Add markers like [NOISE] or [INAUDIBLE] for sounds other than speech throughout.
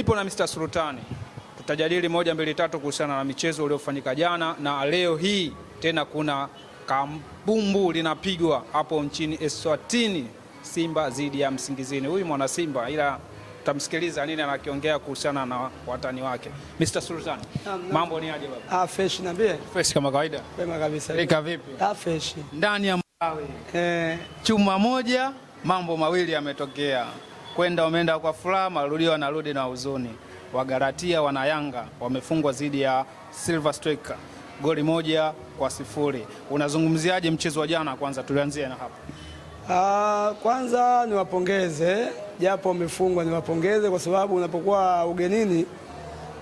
Nipo na Mr. Sultani, tutajadili moja mbili tatu kuhusiana na michezo uliofanyika jana na leo hii. Tena kuna kambumbu linapigwa hapo nchini Eswatini, Simba dhidi ya Msingizini. Huyu mwana Simba, ila tutamsikiliza nini anakiongea kuhusiana na watani wake. Mr. Sultani, mambo ni aje baba? Ah, fresh niambie. Fresh kama kawaida. Wema kabisa. Leka vipi? Ah, fresh. Ndani ya Malawi. Eh, chuma moja, mambo mawili yametokea kwenda wameenda kwa furaha, marudio wanarudi na huzuni. Wagalatia wana Yanga wamefungwa dhidi ya Silver Striker goli moja kwa sifuri. Unazungumziaje mchezo wa jana? Kwanza tulianzia na hapo. Uh, kwanza niwapongeze japo wamefungwa, niwapongeze kwa sababu unapokuwa ugenini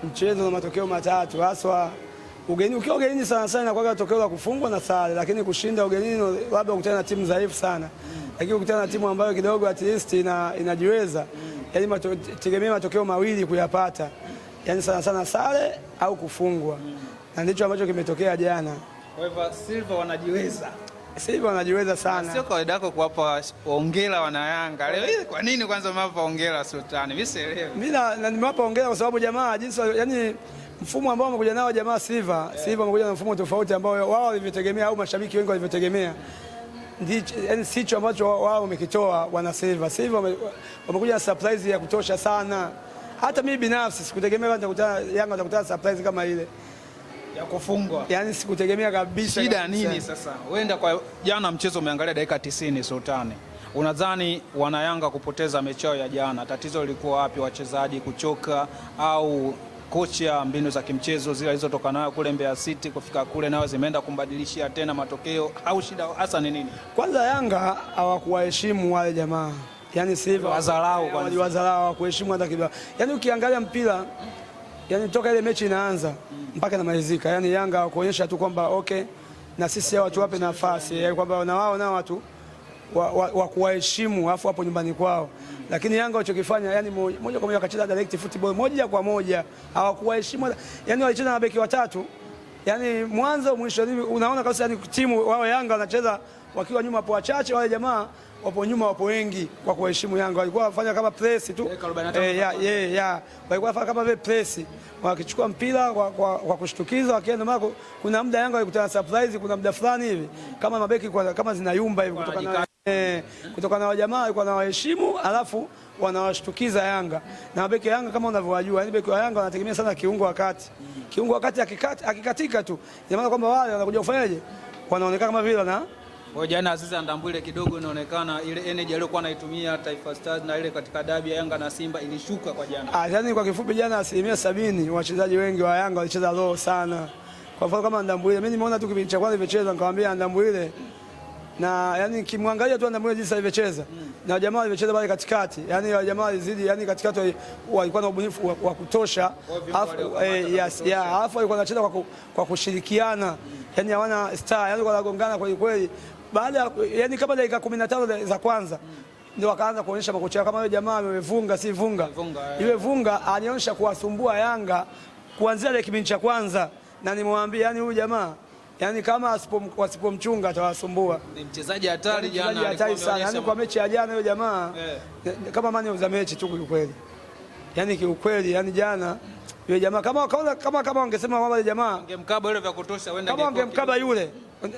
mchezo na matokeo matatu haswa ugeni Ukiwa ugenini sana sana inakuwa tokeo la kufungwa na sare, lakini kushinda ugenini labda ukutana na timu dhaifu sana lakini ukutana na timu ambayo kidogo at least ina, inajiweza yani mato, tegemea matokeo mawili kuyapata yani sana sana sare au kufungwa na ndicho ambacho kimetokea jana. Kwa hivyo Silva wanajiweza Silva wanajiweza sana. Sio kawaida yako kuwapa hongera wana Yanga. Leo hii kwa nini kwanza mnawapa hongera Sultani? Mimi sielewi. Mimi na nimewapa hongera kwa sababu jamaa jinsi yani mfumo ambao wamekuja nao jamaa Silva, yeah. Silva wamekuja na mfumo tofauti ambao wao walivyotegemea au mashabiki wengi walivyotegemea yani sicho ambacho wao wamekitoa wana Silva. Silva wamekuja na surprise ya kutosha sana. Hata mimi binafsi sikutegemea nitakutana Yanga nitakutana surprise kama ile ya kufungwa. Yaani sikutegemea kabisa. Shida nini sasa? Wenda kwa jana mchezo umeangalia dakika 90 Sultani. Unadhani wana Yanga kupoteza mechi yao ya jana, tatizo lilikuwa wapi? Wachezaji kuchoka au kocha, mbinu za kimchezo zile alizotoka nayo kule Mbeya City kufika kule nao zimeenda kumbadilishia tena matokeo, au shida hasa ni nini? Kwanza Yanga hawakuwaheshimu wale jamaa, yani Silva wazalao, kwanza wazalao hawakuheshimu hata kidogo. Yani ukiangalia mpira yani toka ile mechi inaanza mpaka malizika yani Yanga hawakuonyesha tu kwamba okay, na sisi hao watu wape nafasi, yaani kwamba na wao nao watu wa, wa, wa kuwaheshimu afu hapo nyumbani kwao, lakini Yanga walichokifanya yani moja kwa moja wakacheza direct football moja kwa moja, hawakuwaheshimu yani, walicheza na beki watatu yani mwanzo mwisho, unaona kabisa yani timu wao Yanga wanacheza wakiwa nyuma hapo wachache, wale jamaa wapo nyuma, wapo wengi. Kwa kuheshimu Yanga walikuwa wafanya kama press tu eh, ya ya ya, walikuwa wafanya kama vile press, wakichukua mpira kwa, kwa, kwa kushtukiza wakienda mako. Kuna muda Yanga walikutana surprise, kuna muda fulani hivi kama mabeki kwa, kama zinayumba hivi kutokana Eh, kutokana na wajamaa walikuwa na waheshimu alafu wanawashtukiza Yanga na mabeki ya Yanga kama unavyowajua, yani beki wa Yanga wanategemea sana kiungo wa kati. Kiungo wa kati akikati akikatika tu, ina maana kwamba wale wanakuja kufanyaje, wanaonekana kama vile wana jana Azizi Andambwile kidogo inaonekana ile energy aliyokuwa anaitumia Taifa Stars na ile katika dabi ya Yanga na Simba ilishuka kwa jana. Ah, yani kwa kifupi jana asilimia sabini wachezaji wengi wa Yanga walicheza low sana. Kwa mfano kama Andambwile, mimi nimeona tu kipindi cha kwanza ilicheza nikamwambia Andambwile na yani kimwangalia tu Andamwile jinsi alivyocheza mm. na jamaa alivyocheza pale katikati, yani wale jamaa walizidi, yani katikati walikuwa na ubunifu wa, wa kutosha, alafu eh, yes, yeah, alafu walikuwa wanacheza kwa, kwa kushirikiana mm. yani hawana star, yani kwa wanagongana kweli kweli, baada yani kama dakika 15 za kwanza mm ndio wakaanza kuonyesha makocha kama yule jamaa amevunga si vunga ile vunga anionyesha kuwasumbua Yanga kuanzia ile kipindi cha kwanza, na nimwambia yani huyu jamaa yani kama wasipomchunga atawasumbua. Ni mchezaji hatari yaani jana, hatari sana yani kwa mechi ya jana yule jamaa yeah. Kama man of the match tu kiukweli, yani kiukweli, yani jana yule jamaa kama kama kama, kama wangesema wale jamaa angemkaba yule vya kutosha, wenda kama angemkaba yule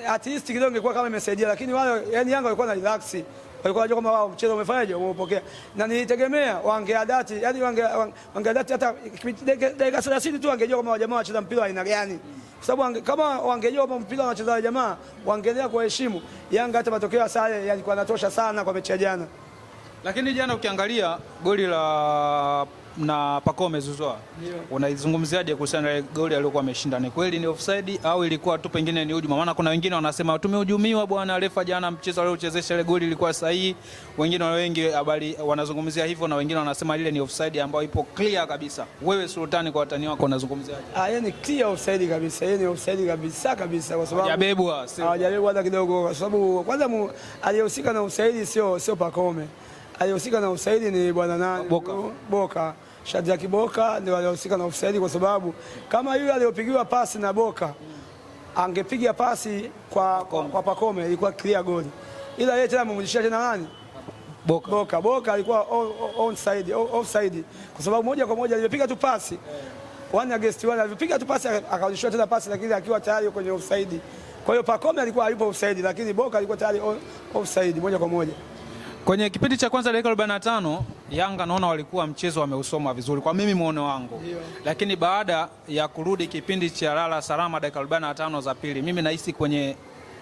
at least kidogo ingekuwa kama imesaidia, lakini wale yani Yanga walikuwa na relax, walikuwa wanajua kama wao mchezo umefanyaje, umepokea na nilitegemea wangeadati, yani wange yaani wangeadati hata dakika 30 tu angejua kama wajamaa wacheza mpira aina gani kwa sababu kama wangejua mpira wanacheza jamaa wangeendelea kuwaheshimu Yanga. Hata matokeo ya sare yalikuwa yanatosha sana kwa mechi ya jana, lakini jana ukiangalia goli la na Pacome Mezuzoa, unaizungumziaje kuhusiana na goli aliyokuwa ameshinda? Ni kweli ni offside au ilikuwa tu pengine ni hujuma? Maana kuna wengine wanasema tumehujumiwa bwana, refa jana mchezo aliochezesha ile goli ilikuwa sahihi. Wengine wengi habari wanazungumzia hivyo, na wengine wanasema ile ni offside ambayo ipo clear kabisa. Wewe Sultani, kwa watani wako unazungumziaje? Ah, yeye ni clear offside kabisa, yeye ni offside kabisa kabisa, kwa sababu hajabebwa, hajabebwa hata kidogo, kwa sababu kwanza aliyehusika na offside sio sio Pacome alihusika na ofsaidi ni bwana nani Boka, Boka. Shadrack Boka ndio alihusika na ofsaidi kwa sababu kama yule aliyopigiwa pasi na Boka angepiga pasi kwa, kwa, kwa Pakome ilikuwa clear goal, ila yeye tena amemrudishia tena nani Boka. Boka. Boka alikuwa onside, offside kwa sababu moja kwa moja alipiga tu pasi one against one, alipiga tu pasi akarudishwa tena pasi, lakini akiwa tayari kwenye offside. Kwa hiyo Pakome alikuwa hayupo offside, lakini Boka alikuwa tayari offside moja kwa moja. Kwenye kipindi cha kwanza dakika 45 Yanga naona walikuwa mchezo wameusoma vizuri kwa mimi muono wangu, lakini baada ya kurudi kipindi cha lala salama dakika 45 za pili, mimi nahisi kwenye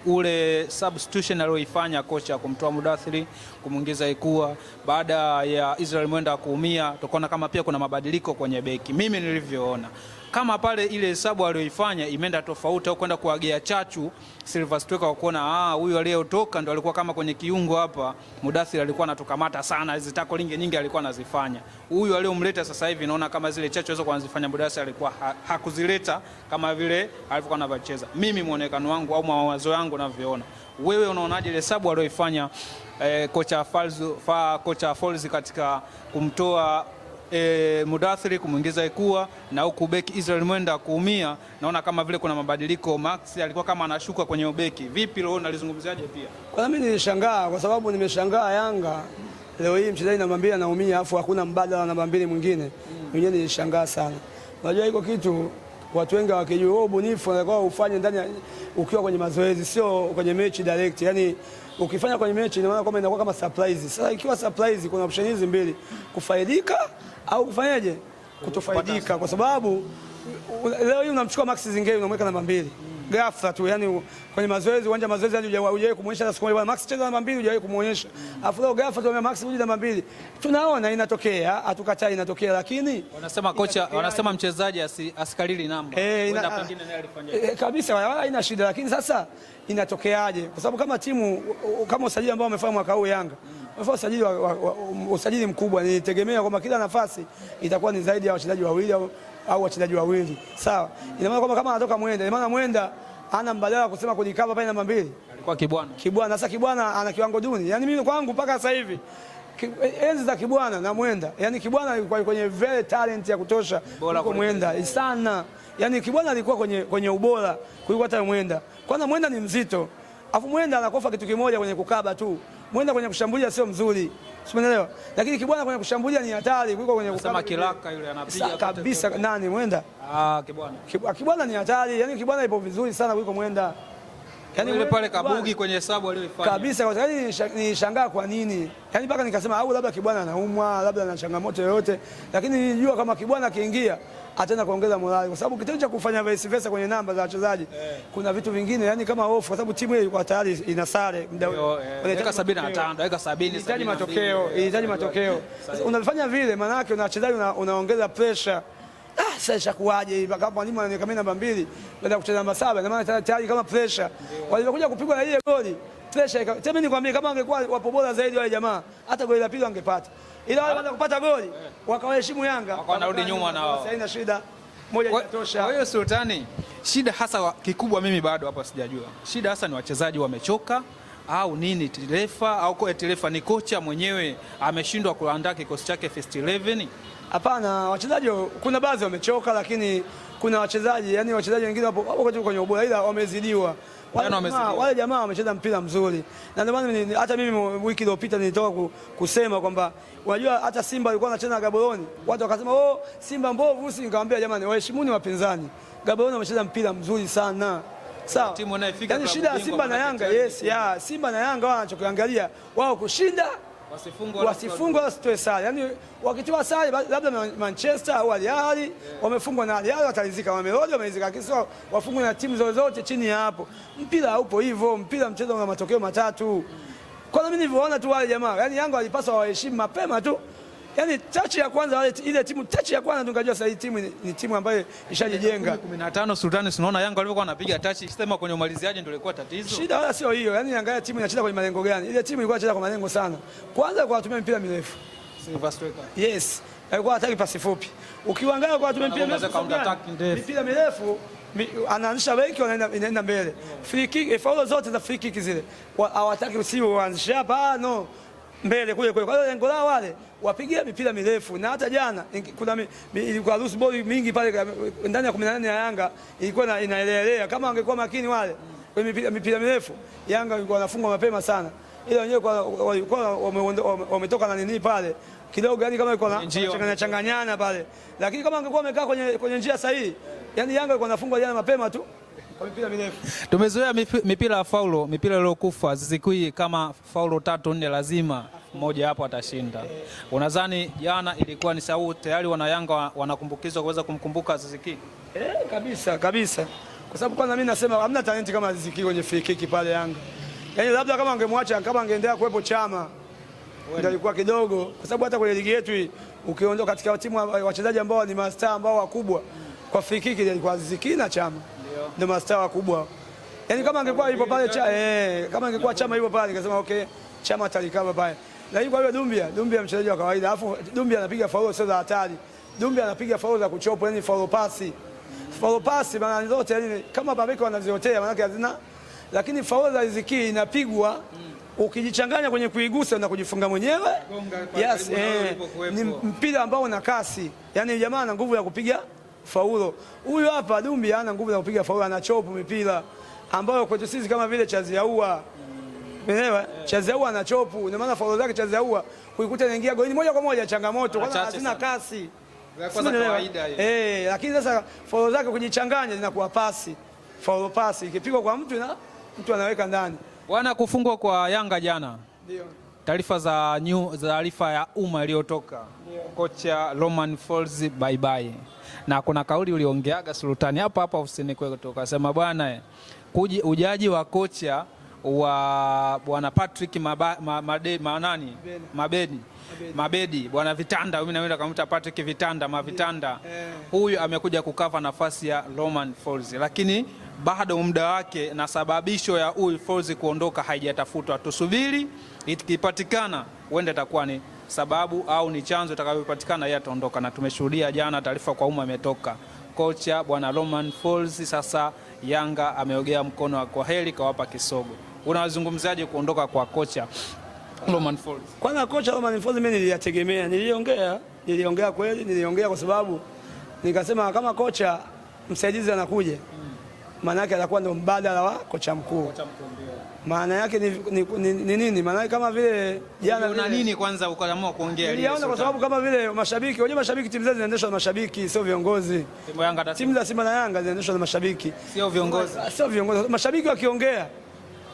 ule substitution aliyoifanya kocha kumtoa Mudathiri kumwingiza Ikua baada ya Israel Mwenda kuumia, tukaona kama pia kuna mabadiliko kwenye beki, mimi nilivyoona kama pale ile hesabu aliyoifanya imeenda tofauti au kwenda kuagea chachu Silver Striker kwa kuona ah, huyu aliyotoka ndo alikuwa kama kwenye kiungo hapa, Mudathir alikuwa anatukamata sana, hizo tako lingi nyingi alikuwa anazifanya. Huyu aliyomleta sasa hivi naona kama zile chachu hizo kuanzifanya Mudathir alikuwa ha, hakuzileta kama vile alivyokuwa anavyocheza. Mimi muonekano wangu au mawazo yangu navyoona. Wewe unaonaje ile hesabu aliyoifanya eh, kocha Falzu, fa, kocha Falzu katika kumtoa e, Mudathiri kumwingiza Ikua na huku beki Israel Mwenda kuumia, naona kama vile kuna mabadiliko. Max alikuwa kama anashuka kwenye ubeki. Vipi leo unalizungumziaje? Pia kwa mimi nilishangaa, kwa sababu nimeshangaa Yanga leo hii mchezaji namba mbili anaumia, afu hakuna mbadala namba mbili mwingine. Mwenyewe nilishangaa sana. Unajua iko kitu watu wengi wakijua wewe ubunifu unatakiwa ufanye ndani ukiwa kwenye mazoezi, sio kwenye mechi direct. Yani ukifanya kwenye mechi, ina maana kwamba inakuwa kama surprise. Sasa ikiwa surprise, kuna option hizi mbili, kufaidika au kufanyaje kutofaidika, kwa sababu leo hii unamchukua Max Zingeli unamweka namba mbili ghafla tu, yani kwenye mazoezi, uwanja mazoezi, yani hujawahi kumuonyesha hata siku moja, Max cheza namba mbili, hujawahi kumuonyesha, afu leo ghafla tu Max huja namba mbili. Tunaona inatokea, hatukatai inatokea, lakini wanasema kocha, wanasema mchezaji asikalili namba eh, eh, kabisa, wala haina shida, lakini sasa inatokeaje? Kwa sababu kama timu kama usajili ambao wamefanya mwaka huu Yanga usajili mkubwa, nilitegemea kwamba kila nafasi itakuwa ni zaidi ya wachezaji wawili au wachezaji wawili, sawa. Ina maana kwamba kama anatoka Mwenda, ina maana Mwenda ana mbadala kusema kulikava pale namba mbili alikuwa Kibwana. Kibwana sasa Kibwana ana kiwango duni, yaani mimi kwangu mpaka sasa hivi enzi za Kibwana na Mwenda, yaani Kibwana alikuwa kwenye very talent ya kutosha kwa Mwenda sana, yaani Kibwana alikuwa kwenye, kwenye ubora kuliko hata Mwenda, kwanza Mwenda ni mzito, afu Mwenda anakofa kitu kimoja kwenye kukaba tu mwenda kwenye kushambulia sio mzuri, simenelewa. Lakini kibwana kwenye kushambulia ni hatari kuliko kwenye kusema kilaka yule anapiga kabisa. Nani mwenda? Ah, kibwana. Ah, kibwana ni hatari, yani kibwana ipo vizuri sana kuliko mwenda. Yani yule pale Kabugi kwenye hesabu aliyofanya kabisa, kwa sababu nishangaa kwa nini, yani mpaka nikasema au labda kibwana anaumwa, labda ana changamoto yoyote, lakini nilijua kama kibwana akiingia ataenda kuongeza morali, kwa sababu kitendo cha kufanya vice versa kwenye namba za wachezaji yeah. kuna vitu vingine yani kama hofu, kwa sababu timu ile ilikuwa tayari ina sare muda eh, wote, unaweka 75 unaweka 70 inahitaji matokeo, inahitaji matokeo. Unafanya vile, maana yake una wachezaji unaongeza pressure Ah, sasa hivi? kama mwalimu ananiweka mimi namba mbili ya kucheza namba saba, na maana tayari kama pressure walivyokuja kupigwa na ile goli pressure. Tena nikwambie kama wangekuwa wapo bora zaidi wale jamaa, hata goli la pili wangepata ila wale baada kupata goli wakawaheshimu Yanga, wanarudi nyuma na wao. Haina shida, moja inatosha. Kwa hiyo Sultani, shida hasa kikubwa mimi bado hapa sijajua, shida hasa ni wachezaji wamechoka au nini? Tirefa au tirefa ni kocha mwenyewe ameshindwa kuandaa kikosi chake first 11? Hapana, wachezaji kuna baadhi wamechoka, lakini kuna wachezaji yani wachezaji wengine wapo kwenye ubora, ila wamezidiwa Yaani wale jamaa wamecheza mpira mzuri, na ndio maana hata mimi wiki iliyopita nilitoka kusema kwamba unajua hata Simba alikuwa anacheza na Gaborone, watu wakasema oh, Simba mbovu. Si nikamwambia jamani, waheshimuni wapinzani, Gaborone wamecheza mpira mzuri sana. Sawa, timu inayofika, yani shida ya Simba na Yanga. Yes, ya Simba na Yanga wao wanachokiangalia wao kushinda wasifungwe wasitoe sare, yani wakitoa sare labda Manchester au Al Ahly wamefungwa na Al Ahly watalizika, wamerodi wamelizika, lakini sio wafungwe na timu zozote chini ya hapo. Mpira haupo hivyo, mpira mchezo una matokeo matatu. Kwa nini nilivyoona tu wale jamaa, yani Yanga walipaswa waheshimu mapema tu yani tachi ya kwanza wale ile timu tachi ya kwanza tungajua sasa hii timu ni, ni timu ambayo ishajijenga. 15 Sultani, tunaona Yanga walivyokuwa wanapiga tachi sema kwenye umaliziaji ndio ilikuwa tatizo. Shida wala sio hiyo, yani angalia timu inacheza kwenye malengo gani. Ile timu ilikuwa inacheza kwa malengo sana, kwanza kwa kutumia mpira mirefu. Silver striker. Yes, alikuwa hataki pasi fupi. Ukiangalia kwa kutumia mpira mirefu, mpira mirefu anaanisha wengi wanaenda mbele. Free kick, eh, faulo zote za free kick zile hawataki, usiwe uanzishe hapa ah, no mbele kule kule. Kwa hiyo lengo lao wale wapigia mipira mirefu, na hata jana kuna ilikuwa loose ball mingi pale ndani ya 18 ya Yanga ilikuwa inaelelea. Kama wangekuwa makini wale kwa mipira mirefu, Yanga ilikuwa wanafungwa mapema sana, ila wenyewe walikuwa wametoka na nini pale kidogo, yani kama ilikuwa changanya changanyana pale, lakini kama angekuwa wamekaa kwenye kwenye njia sahihi, yani Yanga ilikuwa inafungwa jana mapema tu. Tumezoea mipira ya faulo, mipira iliyokufa zizikui, kama faulo tatu nne, lazima mmoja hapo atashinda. Unadhani jana ilikuwa ni sababu tayari wanayanga wanakumbukizwa kuweza kumkumbuka Ziziki? Eh, kabisa kabisa, kwa sababu kwanza mimi nasema hamna talenti kama Ziziki kwenye free kick pale Yanga. Yaani labda kama angemwacha kama angeendelea kuwepo chama ndalikuwa kidogo, kwa sababu hata kwenye ligi yetu hii ukiondoka katika timu wachezaji ambao ni mastaa ambao wakubwa kwa free kick ilikuwa Ziziki na chama ndio mastaa wakubwa. Yaani kama angekuwa yupo pale cha eh, kama angekuwa chama yupo pale ningesema okay, chama talikava pale. Lakini kwa hiyo Dumbia, Dumbia mchezaji wa kawaida. Alafu Dumbia anapiga faulo sio za hatari. Dumbia anapiga faulo za kuchopo, yani faulo pasi. Faulo pasi maana zote yani kama Babeko anaziotea maana yake hazina. Lakini faulo za riziki inapigwa mm. ukijichanganya kwenye kuigusa na kujifunga mwenyewe. Yes, eh, ni mpira ambao una kasi. Yaani jamaa ana nguvu ya kupiga faulo. Huyu hapa Dumbi ana nguvu za kupiga faulo, anachopu mipira ambayo kwetu sisi kama vile chaziaua Umeelewa? Chazaua anachopu, ndio maana faulo zake Chaziaua kuikuta inaingia golini moja kwa moja, changamoto kwa sababu hazina kasi. Eh, lakini sasa faulo zake kujichanganya zinakuwa pasi. Faulo pasi ikipigwa kwa mtu na mtu anaweka ndani. Bwana, kufungwa kwa Yanga jana. Ndio. Taarifa za new, taarifa ya umma iliyotoka. Kocha Roman Falls bye bye na kuna kauli uliongeaga Sultani hapa hapa ofisini kwetu, ukasema bwana, ujaji wa kocha wa bwana Patrick Mabedi manani Mabedi Mabedi bwana Vitanda, mimi naenda kumuita Patrick Vitanda Mavitanda, eh. huyu amekuja kukava nafasi ya Roman Folz, lakini bado muda wake na sababisho ya huyu Folz kuondoka haijatafutwa. Tusubiri, ikipatikana huenda itakuwa ni sababu au ni chanzo itakayopatikana yeye ataondoka, na tumeshuhudia jana taarifa kwa umma imetoka kocha bwana Roman Falls. Sasa Yanga ameogea mkono wa kwaheri, kawapa kisogo. Unawazungumzaje kuondoka kwa kocha Roman Falls? Kwanza kocha Roman Falls mimi niliyategemea, niliongea niliongea kweli, niliongea kwa sababu nikasema kama kocha msaidizi anakuja maana yake atakuwa ndo mbadala wa kocha mkuu. Maana yake ni nini? Ni, ni, ni, maana kama vile jana una nini kwanza ukaamua kuongea ile? Niliona kwa sababu kama vile mashabiki, unajua mashabiki, timu zetu zinaendeshwa na mashabiki, sio viongozi. Timu Yanga, timu za Simba na Yanga zinaendeshwa na mashabiki, sio viongozi, sio viongozi. Mashabiki wakiongea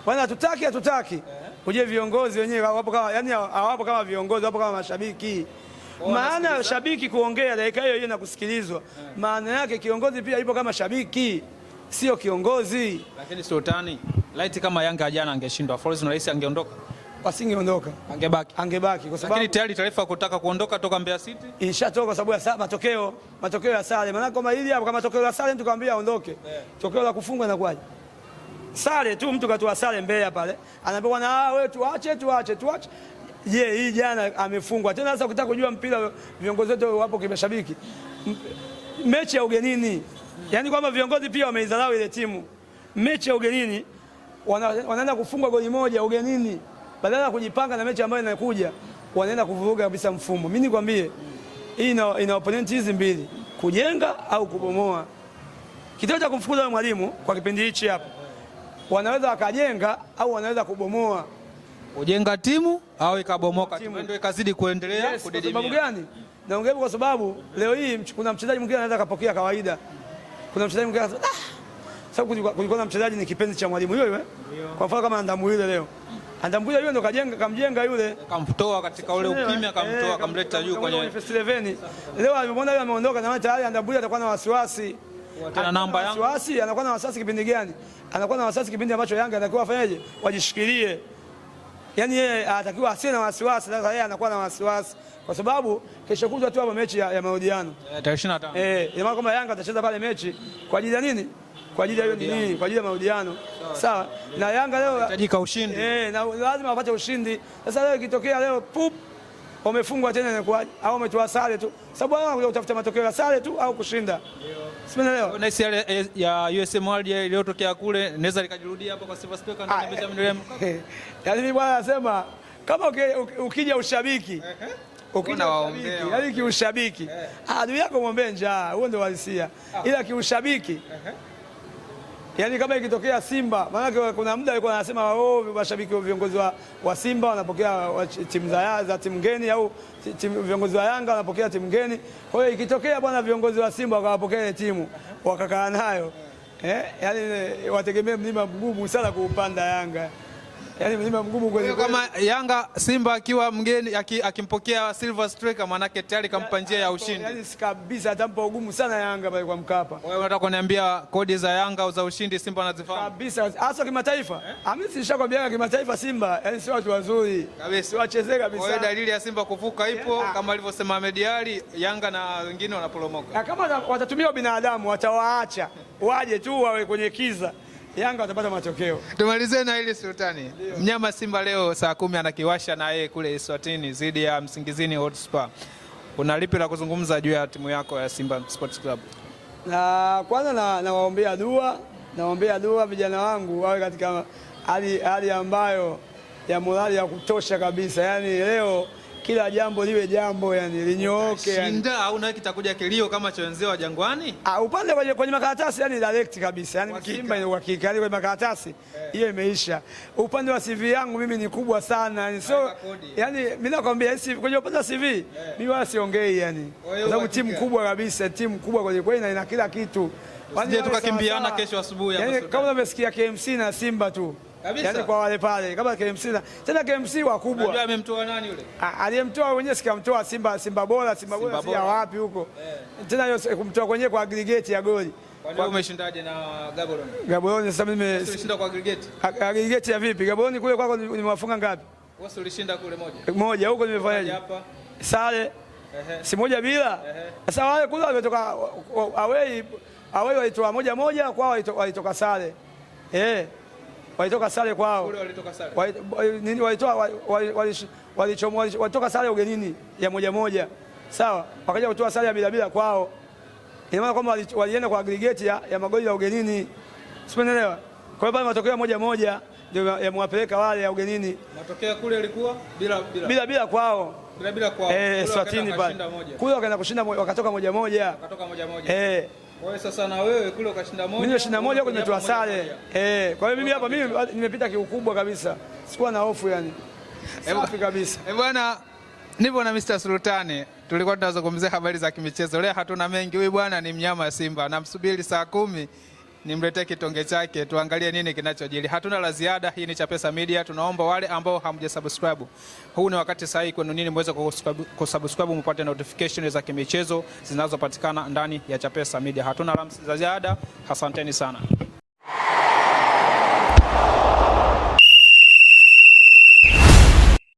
bwana, hatutaki hatutaki, eh? uje viongozi wenyewe wapo kama yani, hawapo kama viongozi, wapo kama mashabiki. Oh, Maana shabiki kuongea dakika hiyo hiyo na kusikilizwa, yeah. maana yake kiongozi pia yupo kama shabiki sio kiongozi. Lakini Sultani, laiti kama Yanga jana angeshindwa, Forest Rais angeondoka? Asingeondoka, angebaki, angebaki kwa sababu lakini tayari taarifa kutaka kuondoka toka Mbeya City ishatoka kwa sababu ya matokeo, matokeo ya sare. Maana kama hili hapo, kama tokeo la sare mtu kaambia aondoke, yeah. tokeo la kufungwa na kwaje sare tu, mtu katua sare Mbeya pale, anaambia bwana, ah wewe tuache, tuache, tuache Je, yeah, hii jana amefungwa tena. Sasa ukitaka kujua mpira, viongozi wetu wapo kimashabiki, mechi ya ugenini yaani kwamba viongozi pia wameidharau ile timu. Mechi ya ugenini wanaenda kufungwa goli moja ugenini, badala ya kujipanga na mechi ambayo inakuja, wanaenda kuvuruga kabisa mfumo. Mimi nikwambie, hii ina, ina opponent hizi mbili, kujenga au kubomoa. Kitendo cha kumfukuza mwalimu kwa kipindi hichi hapa, wanaweza wakajenga au wanaweza kubomoa, kujenga timu au ikabomoka timu ndio ikazidi kuendelea yes, kudidimia. Sababu gani? Naongea kwa sababu leo hii kuna mchezaji mwingine anaweza kapokea kawaida kuna mchezaji mwingine anasema ah, sababu kulikuwa na mchezaji ni kipenzi cha mwalimu yule. Eh? Kwa mfano kama Andamu yule leo Andambuja yule ndo kajenga kamjenga yule kamtoa katika ule ukimya akamtoa akamleta eh, juu kwenye first 11. Leo alimwona yule ameondoka na tayari yule atakuwa na wasiwasi. Tena namba yangu. Wasiwasi anakuwa na wasiwasi kipindi gani? Anakuwa na wasiwasi kipindi ambacho Yanga atakuwa afanyaje? Wajishikilie yani yeye atakiwa asiwe na wasiwasi. Sasa yeye anakuwa na wasiwasi kwa sababu kesho kutwa tu hapo mechi ya, ya mahojiano eh, tarehe 25 eh, ina maana kwamba Yanga atacheza pale mechi kwa ajili ya nini? Kwa ajili ya nini? Kwa ajili ya mahojiano sawa. Na Yanga leo inahitajika ushindi eh, na lazima wapate ushindi. Sasa leo ikitokea leo pup wamefungwa tena inakuwaje? Au umetoa sare tu, sababu wao wanakuja kutafuta matokeo ya sare tu au kushinda. Simenelewa. Unahisi ya USM World iliyotokea kule naweza likajirudia hapa kwa Silver Spurs na Benjamin Lema. [LAUGHS] Yaani mimi bwana nasema kama ukija ushabiki yaani kiushabiki, ah, adui yako mwombe njaa, huo ndio uhalisia, ah. ila kiushabiki Yaani kama ikitokea Simba, maanake kuna muda alikuwa anasema oh, mashabiki wa viongozi wa, Simba wanapokea timu za za timu ngeni au timu viongozi wa Yanga wanapokea timu ngeni. Kwa hiyo ikitokea bwana viongozi wa Simba wakawapokea ile timu wakakaa nayo eh, yaani wategemee mlima mgumu sana kuupanda Yanga. Yaani mlima mgumu kweli. Kama Yanga Simba akiwa mgeni akimpokea Silver Striker manake tayari kampa njia ya ushindi. Yaani kabisa atampa ugumu sana Yanga pale kwa Mkapa. Wewe unataka kuniambia kodi za Yanga au za ushindi Simba anazifahamu? Kabisa hasa kimataifa. Eh? Mimi nishakwambia Yanga kimataifa Simba, yaani si watu wazuri. Kabisa. Wacheze kabisa. Wewe dalili ya Simba kuvuka ipo eh, ah. kama alivyosema Ahmed Ali, Yanga na wengine wanaporomoka. Kama watatumia binadamu watawaacha waje tu wawe kwenye kiza. Yanga watapata matokeo. Tumalizie na hili Sultani. Mnyama Simba leo saa kumi anakiwasha na yeye kule Eswatini dhidi ya Msingizini Hotspur. Una lipi la kuzungumza juu ya timu yako ya Simba Sports Club? Na kwanza nawaombea na dua, nawaombea dua vijana wangu wawe katika hali ambayo ya morali ya kutosha kabisa, yaani leo kila jambo liwe jambo yani linyooke yani. Shinda au nawe kitakuja kilio kama cha wenzao wa Jangwani? Ah, upande kwenye, kwenye makaratasi yani direct kabisa yani Simba ni uhakika kwenye makaratasi eh. hiyo yeah. Imeisha upande wa CV yangu mimi ni kubwa sana yani, so yani mimi nakwambia hii kwenye upande wa CV yeah. Mimi wala siongei yani, kwa sababu timu kubwa kabisa, timu kubwa kwenye kweli na ina kila kitu, tukakimbiana kesho asubuhi hapa yani, kama unavyosikia KMC na Simba tu kabisa, yani kwa wale pale kama KMC na tena KMC wakubwa. Unajua amemtoa nani yule? Aliyemtoa wenyewe sikamtoa Simba, Simba bora, Simba bora si wapi huko yeah. Tena hiyo kumtoa kwenye kwa aggregate ya goli. Kwa nini umeshindaje na Gaborone? Gaborone sasa mimi nimeshinda kwa aggregate. Aggregate ya vipi? Gaborone kule kwako nimewafunga ngapi? Wewe ulishinda kule moja. Eh, moja huko nimefanyaje? Hapa. Sare. Si moja bila. Sasa wale kule wametoka away away walitoa moja moja, kwao walitoka sare. Eh walitoka sare kwao, walitoka sare ugenini ya moja moja, sawa, wakaja kutoa sare ya bila bila kwao. Ina maana kwamba walienda kwa aggregate ya, ya magoli ya ugenini, sipenelewa. Kwa hiyo pale matokeo moja moja ndio yamewapeleka wale ya ugenini. Matokeo kule yalikuwa bila bila, bila, bila kwao bila bila kwao, eh, Swatini pale kule wakaenda kushinda, wakatoka moja moja, wakatoka moja moja, eh kwa hiyo sasa na wewe kule ukashinda moja. Mimi shinda moja kwenye nimetoa sare. Eh, kwa hiyo mimi hapa mimi nimepita kiukubwa kabisa. Sikuwa na hofu yani. Eh, Safi kabisa. Eh, bwana nipo na Mr. Sultani. Tulikuwa tunazungumzia habari za kimichezo. Leo hatuna mengi. Huyu bwana ni mnyama Simba. Namsubiri saa kumi nimletee kitonge chake, tuangalie nini kinachojili. Hatuna la ziada, hii ni Chapesa Media. Tunaomba wale ambao hamjasubscribe, huu ni wakati sahihi kwenu nini muweze kusubscribe, mpate notification za kimichezo zinazopatikana ndani ya Chapesa Media. Hatuna la ziada, asanteni sana.